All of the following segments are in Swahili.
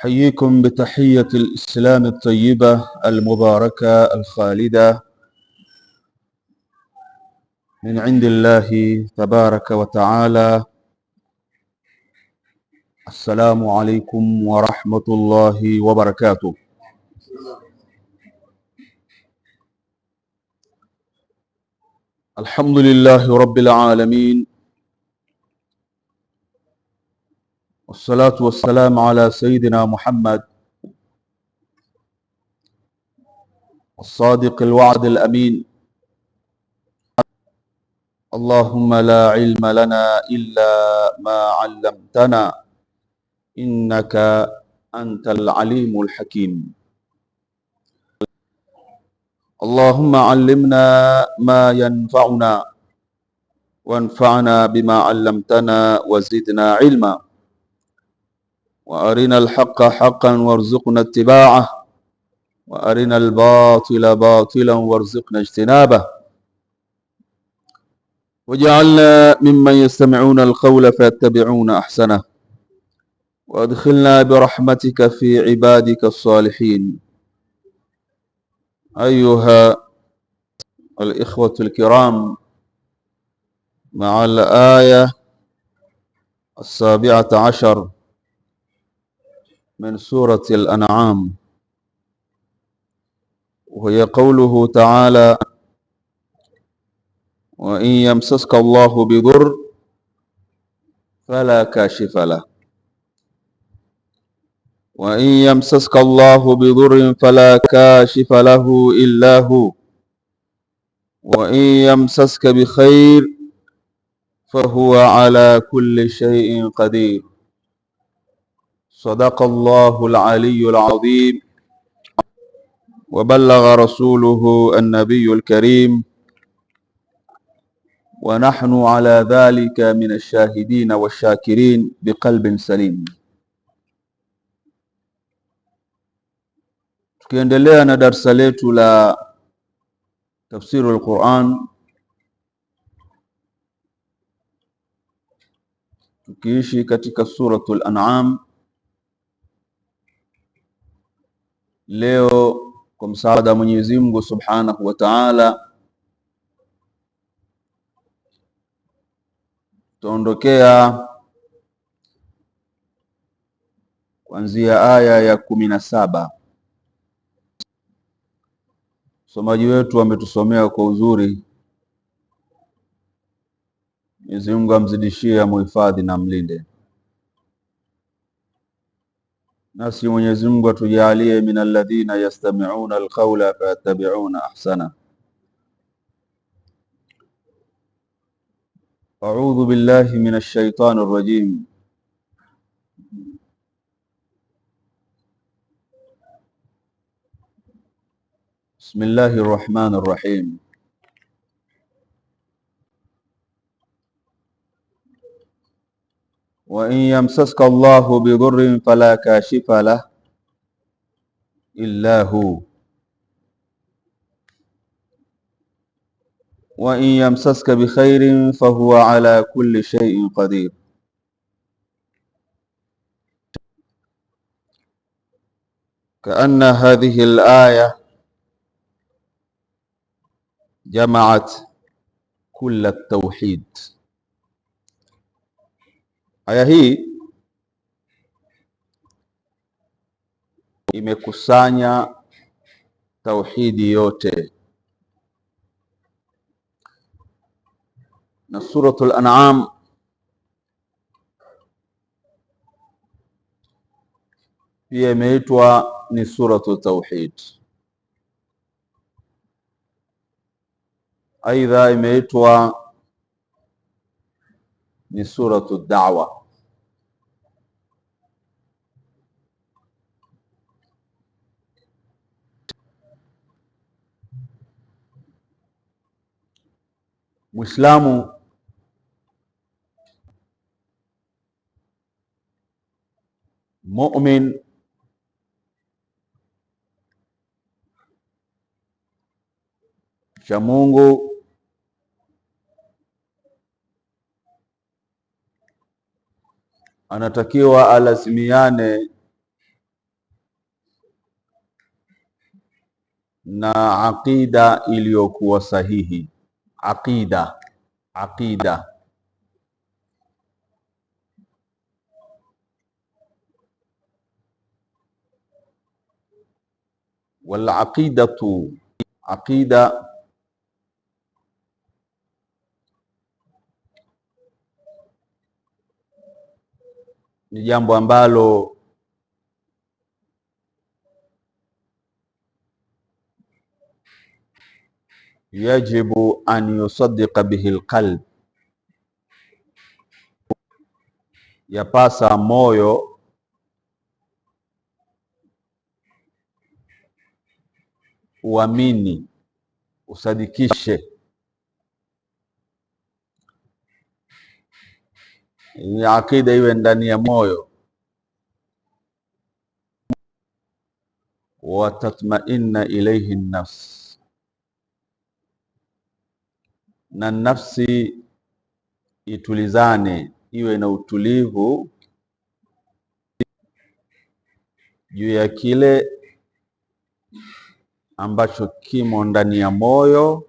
أحييكم بتحية الإسلام الطيبة المباركة الخالدة من عند الله تبارك وتعالى السلام عليكم ورحمة الله وبركاته الحمد لله رب العالمين والصلاة والسلام على سيدنا محمد الصادق الوعد الأمين اللهم لا علم لنا إلا ما علمتنا إنك أنت العليم الحكيم اللهم علمنا ما ينفعنا وانفعنا بما علمتنا وزدنا علما وارنا الحق حقا وارزقنا اتباعه وارنا الباطل باطلا وارزقنا اجتنابه وجعلنا ممن يستمعون القول فيتبعون احسنه وادخلنا برحمتك في عبادك الصالحين ايها الاخوه الكرام مع الايه السابعه عشر من سورة الأنعام وهي قوله تعالى وإن يمسسك الله بضر فلا كاشف له وإن يمسسك الله بضر فلا كاشف له إلا هو وإن يمسسك بخير فهو على كل شيء قدير صدق الله العلي العظيم وبلغ رسوله النبي الكريم ونحن على ذلك من الشاهدين والشاكرين بقلب سليم tukiendelea na darsa letu la tafsiru alquran tukiishi katika suratu lanam Leo kwa msaada wa Mwenyezi Mungu Subhanahu wa Ta'ala, tutaondokea kuanzia aya ya kumi na saba. Msomaji wetu ametusomea kwa uzuri. Mwenyezi Mungu amzidishie, amhifadhi na mlinde. Nasi Mwenyezi Mungu atujalie min alladhina yastami'una alqawla fayattabi'una ahsana. A'udhu billahi minash shaitani rrajim. Bismillahir rahmanir rahim. وإن يمسسك الله بضر فلا كاشف له إلا هو وإن يمسسك بخير فهو على كل شيء قدير كأن هذه الآية جمعت كل التوحيد Aya hii imekusanya tauhidi yote, na Suratul An'am pia imeitwa ni suratu tauhid. Aidha, imeitwa ni suratu da'wa Muislamu mumin cha Mungu anatakiwa alazimiane na aqida iliyokuwa sahihi aqida, aqida. Wal aqidatu, aqida ni jambo ambalo yajibu an yusaddiqa bihi alqalb, yapasa moyo uamini usadikishe. Ni akida iwe ndani ya moyo, watatmainna ilaihi nafs na nafsi itulizane, iwe na utulivu juu ya kile ambacho kimo ndani ya moyo,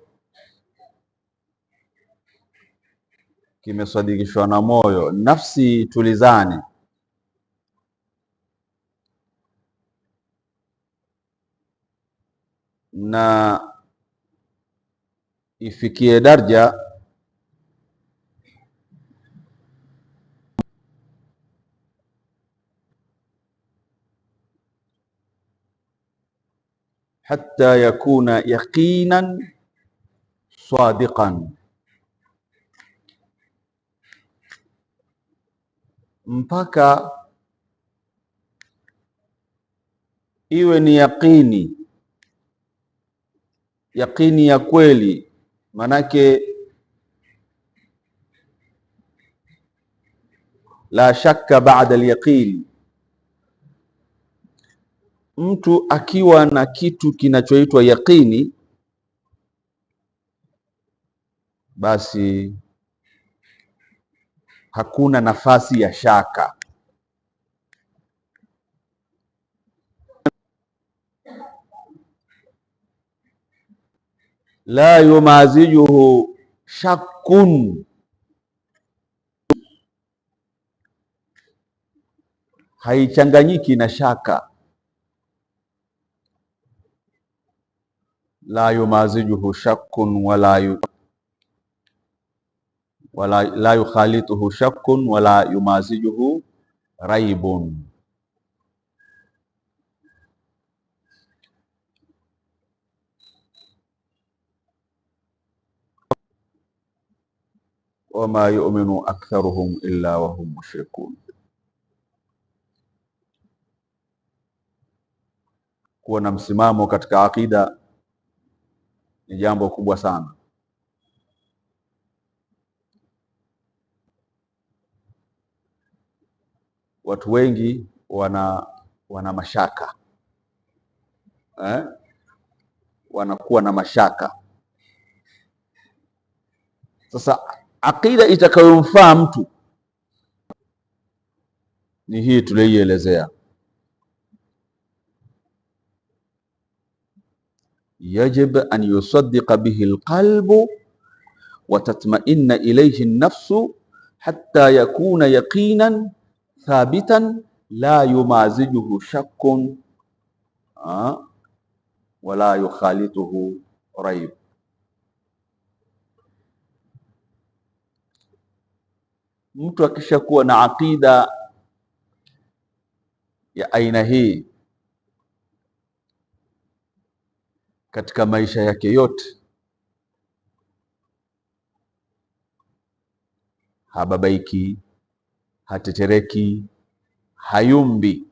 kimesadikishwa na moyo. Nafsi itulizane na ifikie darja hatta yakuna yaqinan sadiqan, mpaka iwe ni yaqini, yaqini ya kweli Manake la shakka baada alyaqini, mtu akiwa na kitu kinachoitwa yaqini, basi hakuna nafasi ya shaka. la yumazijuhu shakkun, haichanganyiki na shaka. La yumazijuhu shakkun wala yu wala la yukhalituhu shakkun wala yumazijuhu raibun wama yuminu aktharuhum illa wahum mushrikun, kuwa na msimamo katika akida ni jambo kubwa sana. Watu wengi wana wana mashaka eh? Wanakuwa na mashaka sasa Akida itakayomfaa mtu ni hii tuliyoielezea, yajib an yusaddiqa bihi alqalbu wa tatma'inna ilayhi an-nafsu hatta yakuna yaqinan thabitan la yumazijuhu shakkun wala yukhalituhu raib. Mtu akishakuwa na aqida ya aina hii katika maisha yake yote, hababaiki, hatetereki, hayumbi.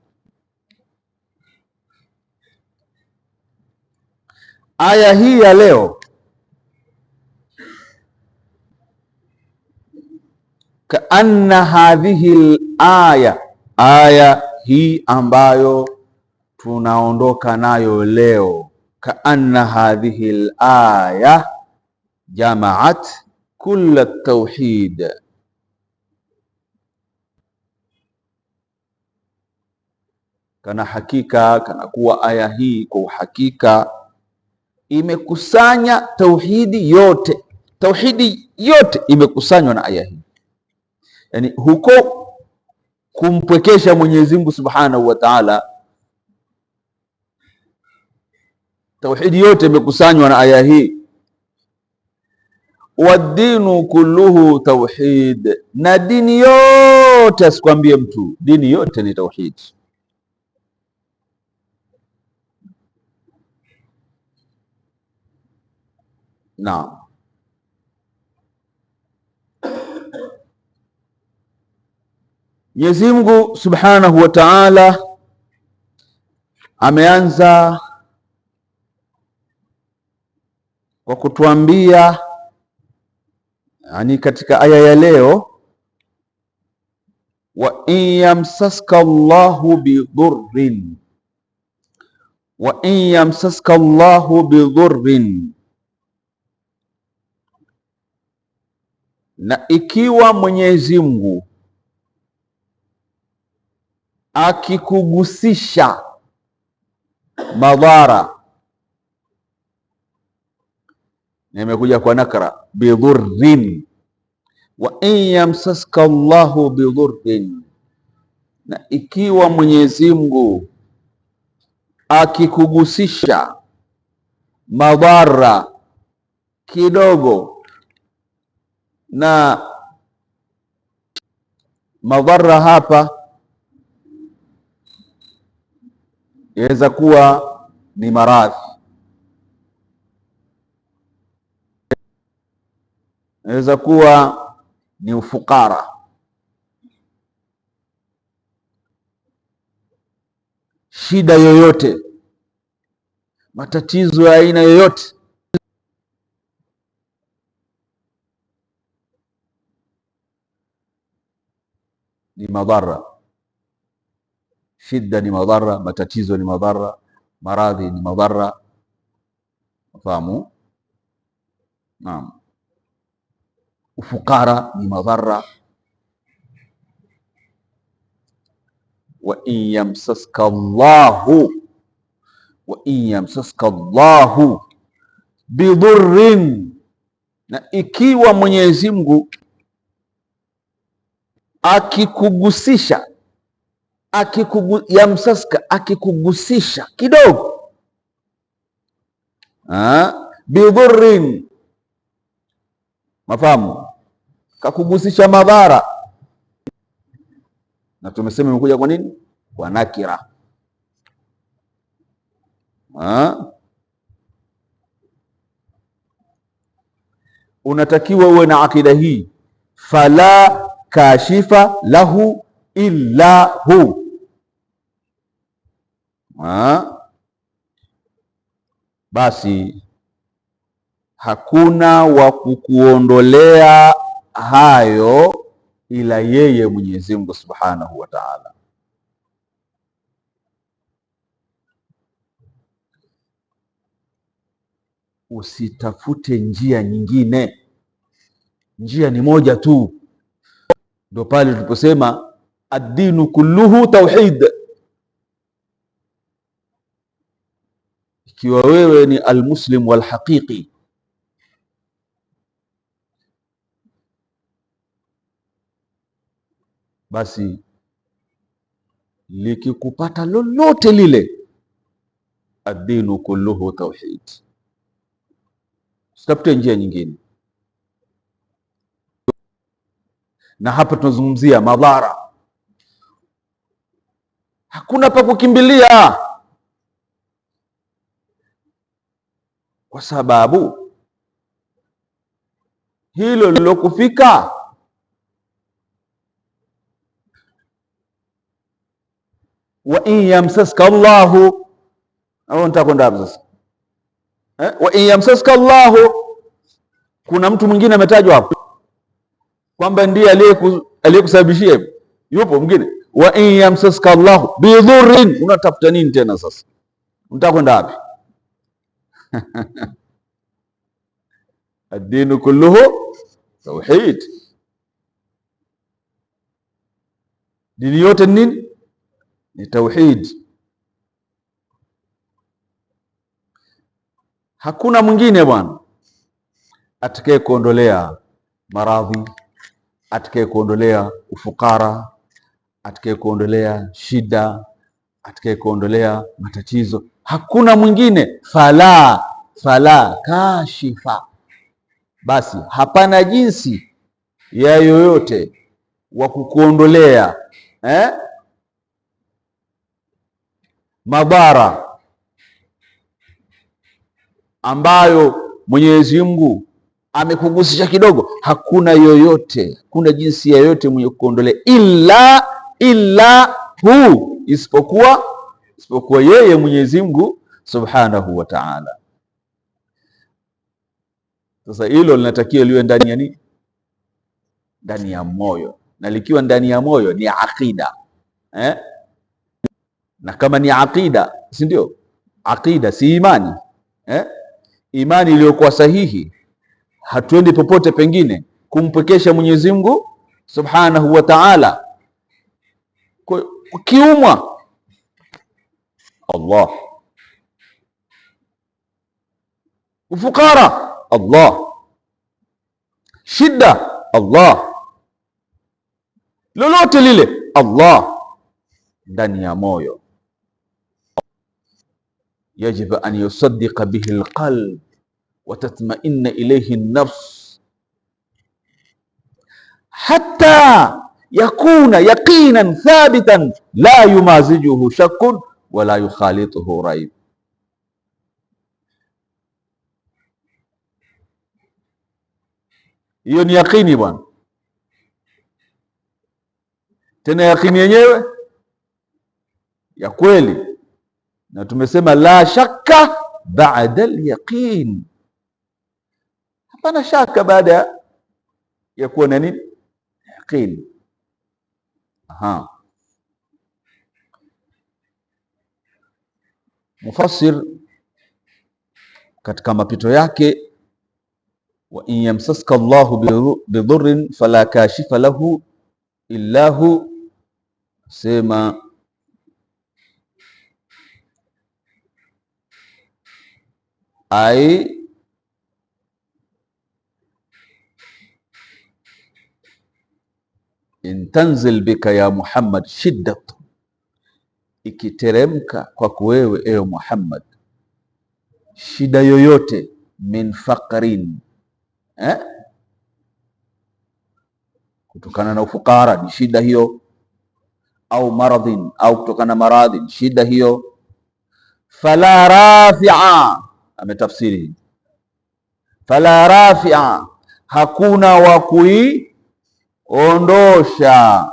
Aya hii ya leo kaanna hadhihi alaya, aya hii ambayo tunaondoka nayo leo, kaanna hadhihi alaya jamaat kulla tauhid kana hakika, kana kuwa aya hii kwa uhakika imekusanya tauhidi yote, tauhidi yote imekusanywa na aya hii yani huko kumpwekesha Mwenyezi Mungu Subhanahu wa Ta'ala. Tauhidi yote imekusanywa na aya hii, wadinu kulluhu tauhid, na dini yote asikwambie mtu, dini yote ni tauhidi. Naam. Mwenyezi Mungu Subhanahu wa Ta'ala ameanza kwa kutuambia yani, katika aya ya leo, wa in yamsaska Allahu bidhurrin, wa in yamsaska Allahu bidhurrin, na ikiwa Mwenyezi Mungu akikugusisha madhara, nimekuja kwa nakra bidhurrin, wa in yamsaska Allahu bidhurrin, na ikiwa Mwenyezi Mungu akikugusisha madhara kidogo na madhara hapa yaweza kuwa ni maradhi, yaweza kuwa ni ufukara, shida yoyote, matatizo ya aina yoyote ni madhara Shida ni madhara, matatizo ni madhara, maradhi ni madhara. Fahamu? Naam. Ufukara ni madhara. wa in yamsaska Allahu wa in yamsaska Allahu bidhurrin, na ikiwa Mwenyezi Mungu akikugusisha akikugu, ya msaska akikugusisha kidogo bidhurin mafahamu kakugusisha madhara, na tumesema imekuja kwa nini? Kwa nakira ha? Unatakiwa uwe na akida hii, fala kashifa lahu illa hu ha? Basi hakuna wa kukuondolea hayo ila yeye Mwenyezi Mungu Subhanahu wa Ta'ala. Usitafute njia nyingine, njia ni moja tu, ndio pale tuliposema ad-dinu kulluhu tauhid. Ikiwa wewe ni almuslim walhaqiqi, basi likikupata lolote lile, ad-dinu kulluhu tauhid, usitafute njia nyingine. Na hapa tunazungumzia madhara hakuna pa kukimbilia, kwa sababu hilo lilokufika wa in yamsaska Allahu au nitakwenda hapo sasa eh? wa in yamsaska Allahu, kuna mtu mwingine ametajwa hapo kwamba ndiye aliyekusababishia, yupo mwingine wa in yamsaska Allahu bidhurrin, unatafuta nini tena sasa? Unataka kwenda wapi? Ad-dinu kulluhu tauhid, dini yote ni nini? Ni tauhid. Hakuna mwingine bwana atakaye kuondolea maradhi, atakaye kuondolea ufukara atakaye kuondolea shida, atakaye kuondolea matatizo. Hakuna mwingine fala fala kashifa, basi hapana jinsi ya yoyote wa kukuondolea eh, madhara ambayo Mwenyezi Mungu amekugusisha kidogo. Hakuna yoyote, hakuna jinsi ya yoyote mwenye kukuondolea ila illa hu, isipokuwa isipokuwa yeye Mwenyezi Mungu subhanahu wa ta'ala. Sasa hilo linatakiwa liwe ndani ya nini? Ndani ya moyo, na likiwa ndani ya moyo ni aqida eh? na kama ni aqida, si ndio? Aqida si imani eh? imani iliyokuwa sahihi, hatuendi popote pengine kumpwekesha Mwenyezi Mungu subhanahu wa ta'ala Ukiumwa Allah, ufukara Allah, shida Allah, lolote lile Allah ndani ya moyo yajibu an yusaddiqa bihi alqalb wa tatma'inna ilayhi an-nafs hatta yakuna yaqinan thabitan la yumazijuhu shakkun wala yukhalituhu raib. Hiyo ni yaqini bwana, tena yaqini yenyewe ya kweli, na tumesema la shakka baada alyaqin, hapana shaka baada ya kuwa na nini yaqini Aha. Mufassir katika mapito yake, wa in yamsaska Allahu bidhurrin fala kashifa lahu illa hu, sema ai intanzil bika ya Muhammad shiddatu, ikiteremka kwako wewe ewe Muhammad shida yoyote, min faqrin eh? kutokana na ufukara ni shida hiyo, au maradhin, au kutokana na maradhi ni shida hiyo. Fala rafia, ametafsiri fala rafia, hakuna wakui ondosha,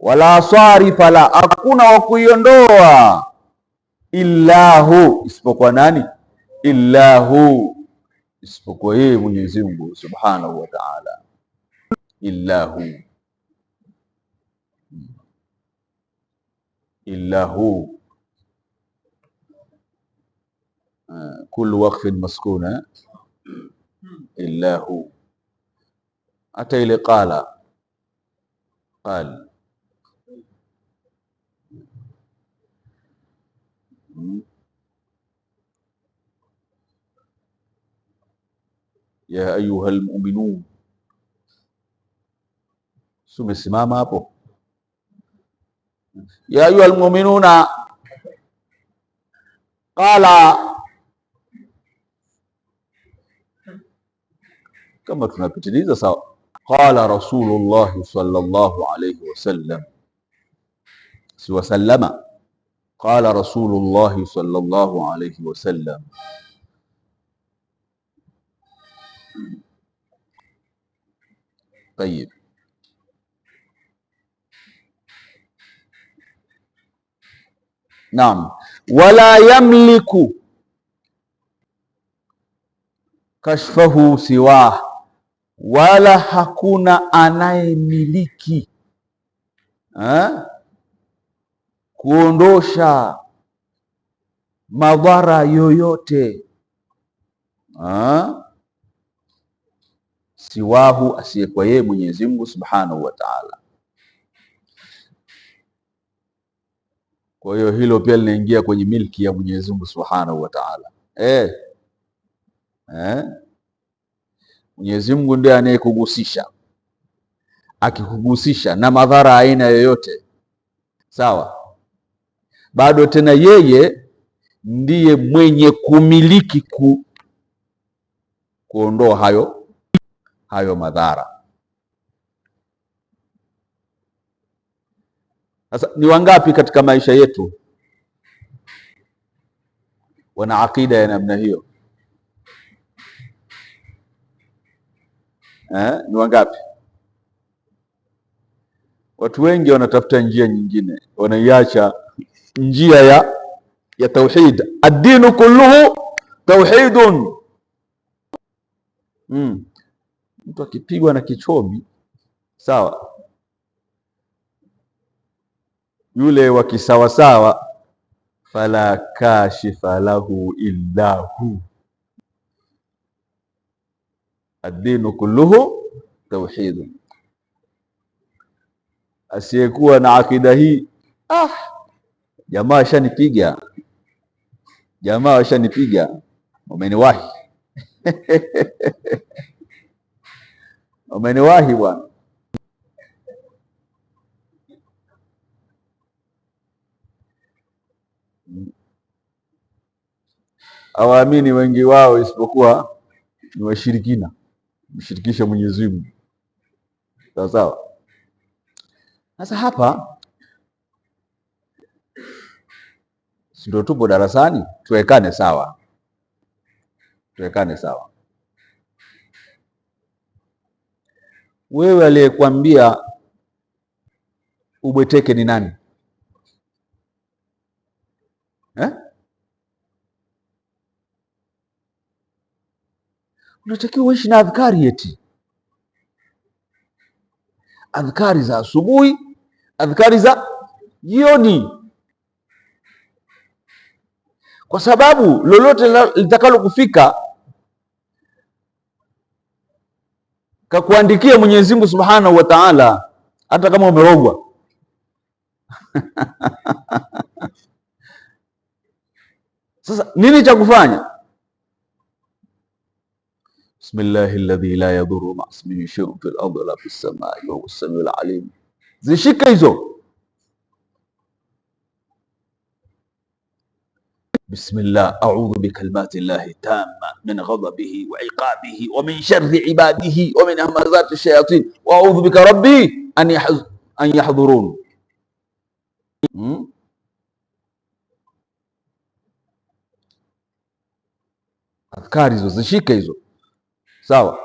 wala sarifa la, hakuna wa kuiondoa, illahu, isipokuwa nani? Illahu, isipokuwa yeye Mwenyezi Mungu subhanahu wa ta'ala, illahu illahu eh, kullu waqfin maskuna eh? illahu hata ile qala qal ya ayuha almu'minun, si umesimama hapo? ya ayuha almu'minuna qala kama tunapitiliza sawa قال رسول الله صلى الله عليه وسلم وسلم قال رسول الله صلى الله عليه وسلم طيب نعم ولا يملك كشفه سواه wala hakuna anayemiliki ha? kuondosha madhara yoyote ha? siwahu asiyekuwa yeye Mwenyezi Mungu Subhanahu wa Ta'ala. Kwa hiyo hilo pia linaingia kwenye milki ya Mwenyezi Mungu Subhanahu wa Ta'ala eh. Eh? Mwenyezi Mungu ndiye anayekugusisha. Akikugusisha na madhara aina yoyote, sawa, bado tena yeye ndiye mwenye kumiliki ku, kuondoa hayo hayo madhara. Sasa ni wangapi katika maisha yetu wana akida ya namna hiyo? eh, ni wangapi? Watu wengi wanatafuta njia nyingine, wanaiacha njia ya ya tauhid. ad kulluhu tauhidun. Mm. Mtu akipigwa na kichomi sawa, yule wa kisawasawa, fala kashifa lahu illa hu Ad-dinu kulluhu tauhid. Asiyekuwa na akida hii ah, jamaa ashanipiga, jamaa ashanipiga, umeniwahi umeniwahi bwana. Hawaamini wengi wao, isipokuwa ni washirikina kumshirikisha Mwenyezi Mungu. Sawa sawa. Sasa hapa ndio tupo darasani, tuwekane sawa, tuwekane sawa. Wewe aliyekwambia ubweteke ni nani eh? unatakiwa uishi na adhkari eti adhkari za asubuhi, adhkari za jioni, kwa sababu lolote litakalo kufika kakuandikia Mwenyezi Mungu Subhanahu wa Ta'ala, hata kama umerogwa Sasa nini cha kufanya? بسم الله الذي لا يضر مع اسمه شيء في الارض ولا في السماء وهو السميع العليم زي شيكايزو بسم الله أعوذ بكلمات الله التامة من غضبه وعقابه ومن شر عباده ومن همزات الشياطين وأعوذ بك ربي أن يحضر أن يحضرون أذكار زي شي hizo sawa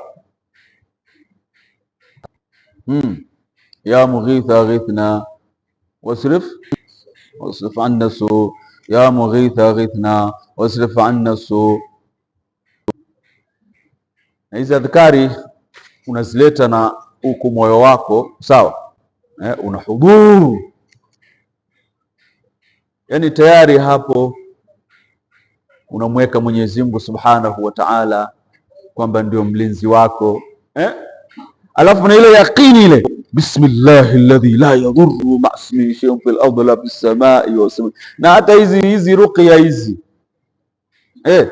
Hmm. ya mughitha ghithna wasrif wasrif anna su ya mughitha ghithna wasrif anna su. Na hizi adhkari unazileta na huku moyo wako sawa, eh, una hudhuru, yani tayari hapo unamweka Mwenyezi Mungu Subhanahu wa Ta'ala kwamba ndio mlinzi wako eh? Alafu na ile yaqini ile, bismillahi alladhi la yadhurru ma'asmihi shay'un fil ardi wala fis samai wa samai. Na hata hizi hizi ruqya hizi eh,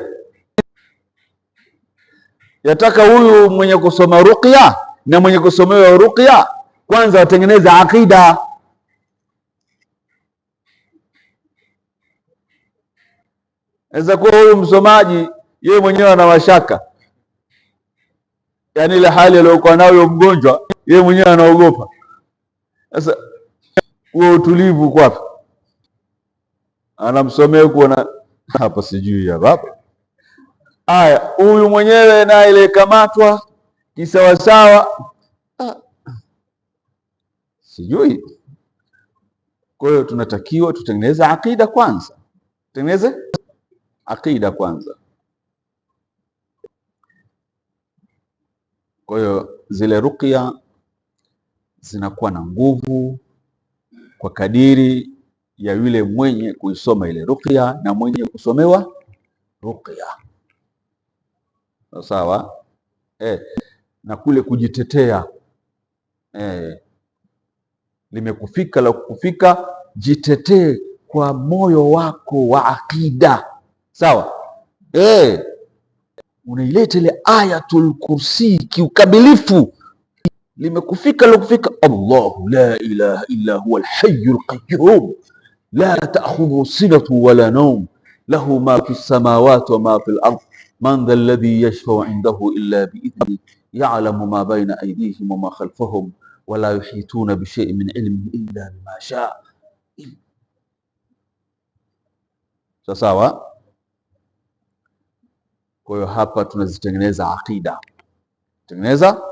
yataka huyu mwenye kusoma ruqya na mwenye kusomewa ruqya kwanza watengeneze akida Naweza kuwa huyu msomaji yeye mwenyewe ana mashaka yani ile hali aliyokuwa nayo mgonjwa, yeye mwenyewe anaogopa. Sasa huo utulivu kwapi? Anamsomea kuona hapa, sijui hapa. Aya, huyu mwenyewe na ile kamatwa kisawasawa, ah, sijui. Kwa hiyo tunatakiwa tutengeneze akida kwanza, tutengeneze akida kwanza. Kwa hiyo zile ruqya zinakuwa na nguvu kwa kadiri ya yule mwenye kuisoma ile ruqya na mwenye kusomewa ruqya, sawa eh, na kule kujitetea eh, limekufika la kukufika, jitetee kwa moyo wako wa akida, sawa eh. unaileta ile Ayatul Kursi kiukamilifu, limekufika lokufika. Allahu la ilaha illa huwa alhayyul qayyum la ta'khudhu sinatu wala nawm lahu ma fi samawati wa ma fil ard man dha alladhi yashfa'u indahu illa bi idhnihi ya'lamu ma bayna aydihim wa ma khalfahum wa la yuhituna bi shay'in min ilmihi illa bima sha'a. Sawa. Kwa hiyo hapa tunazitengeneza aqida, tengeneza